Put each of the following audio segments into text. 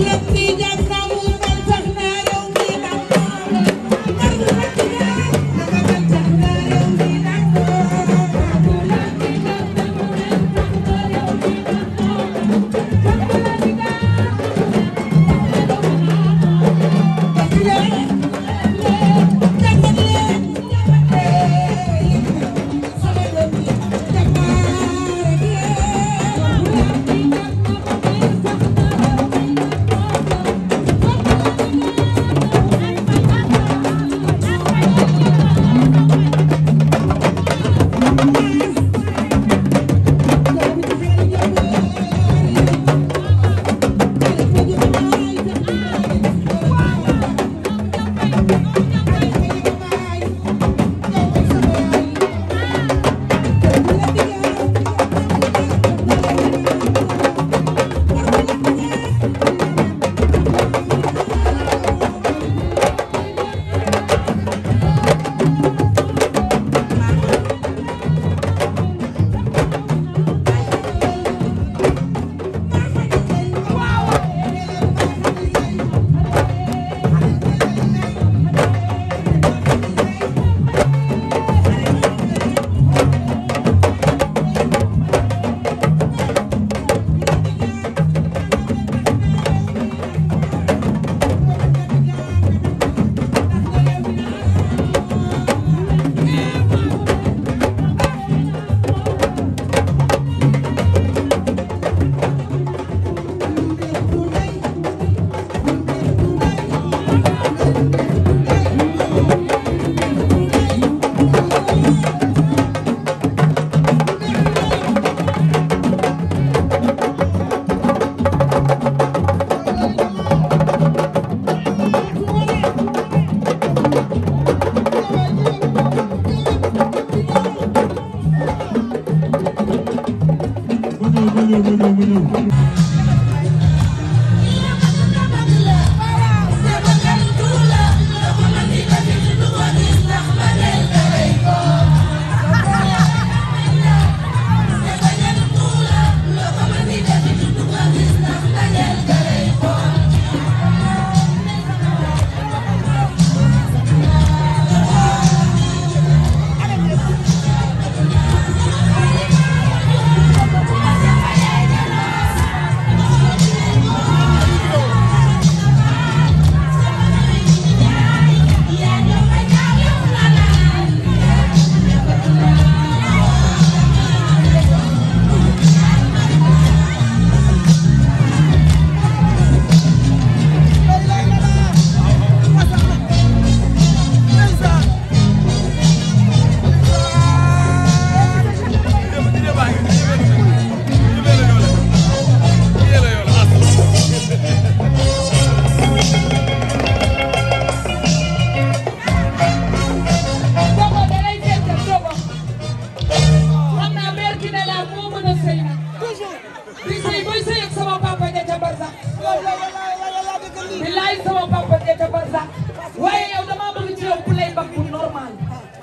Yeah.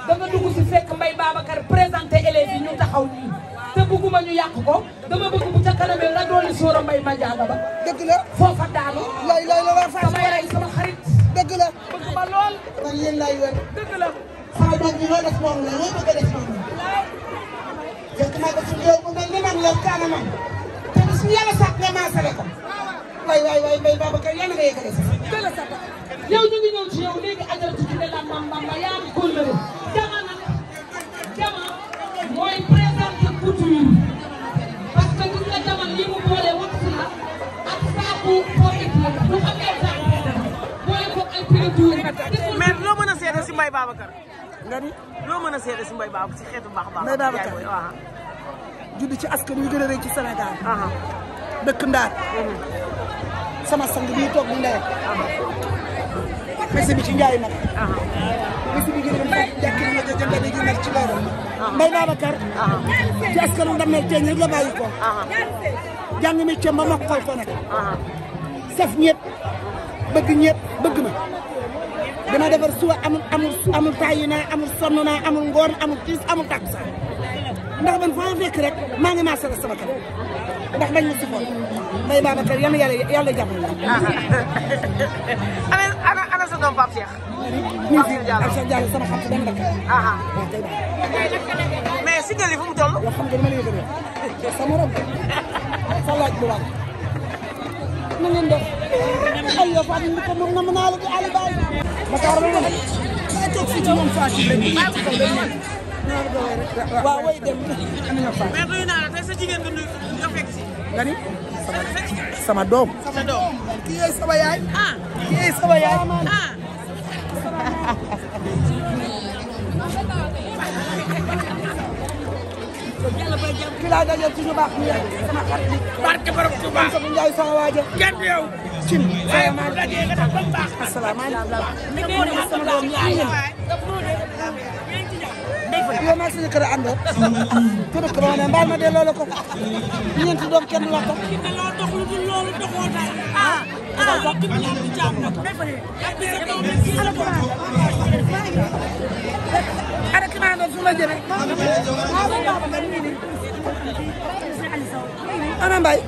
da nga dugg si fekk Mbaye Babacar présenté élèves ñu taxaw nii te bëgguma ñu yàq ko dama bëgg ca kanamee la dooli sóora Mbaye Madiaga ba dëgg la foofa daanu lay lay la a def moom la fekk ko ci yow léegi ajal ci ne la mam mam nga ni. a seede si mbay baabu si xeetu baax ci askan wi gën a rëy ci Sénégal. Ah. dëkk Ndar. Mhm. sama sang bii toog bu ndeyam. Ah. bés bi ci Ndiaye nag. Ah. bés bi gën a mën a jàkkee ñu jënd dañuy nekk ci loolu. Mbaye Babacar. ci askanu Ndamel teeñ rek la bàyyi ko. jàng mi ca ma mokkal ko nag. saf ñëpp bëgg ñëpp bëgg ma. dama defar suba amul amul amul tayina amul sonn amul ngor amul tiis amul taksa ndax man fa fek rek ma ngi ma sa sama kër ndax dañ ma si xool mbay Babacar yal yalla yalla yàlla jàppale la. ana ana ana sa doom pap Cheikh. Pape ci Diallo Pape Cheikh sama xam si benn Aha. mais si nga fu mu tollu yo xam nga dama lay gëre sama morom salat bu laaj. na ngeen def ay yo fa Ndiaye ko na ma naa la ko Baye. Dakar la woon. maa toog fii ci moom Fatick lañ ñu. waaw way dem am na Fatick. mais nuyu naa la tey sa jigéen nga nuyu nga fekk si. nga ni sama doom. sama doom kii yee sama yaay. ah kii yee sama yaay. ah. ki ah. laa dajal ci ñu baax ñu yaay sama xarit bi. barke borom Tuuba. Ndiaye sama waaja. kenn yow. cin bi vraiment yow maa suñu kër a àndoo kër ko ma ne mbaal ma delloo la ko ñeenti doom kenn la ko ara ki maa doon su ma jëmee ana mbay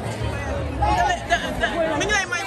mi ngi lay may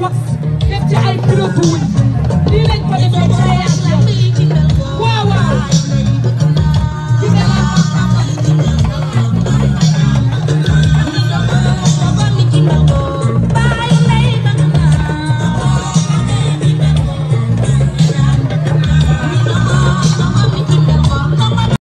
w h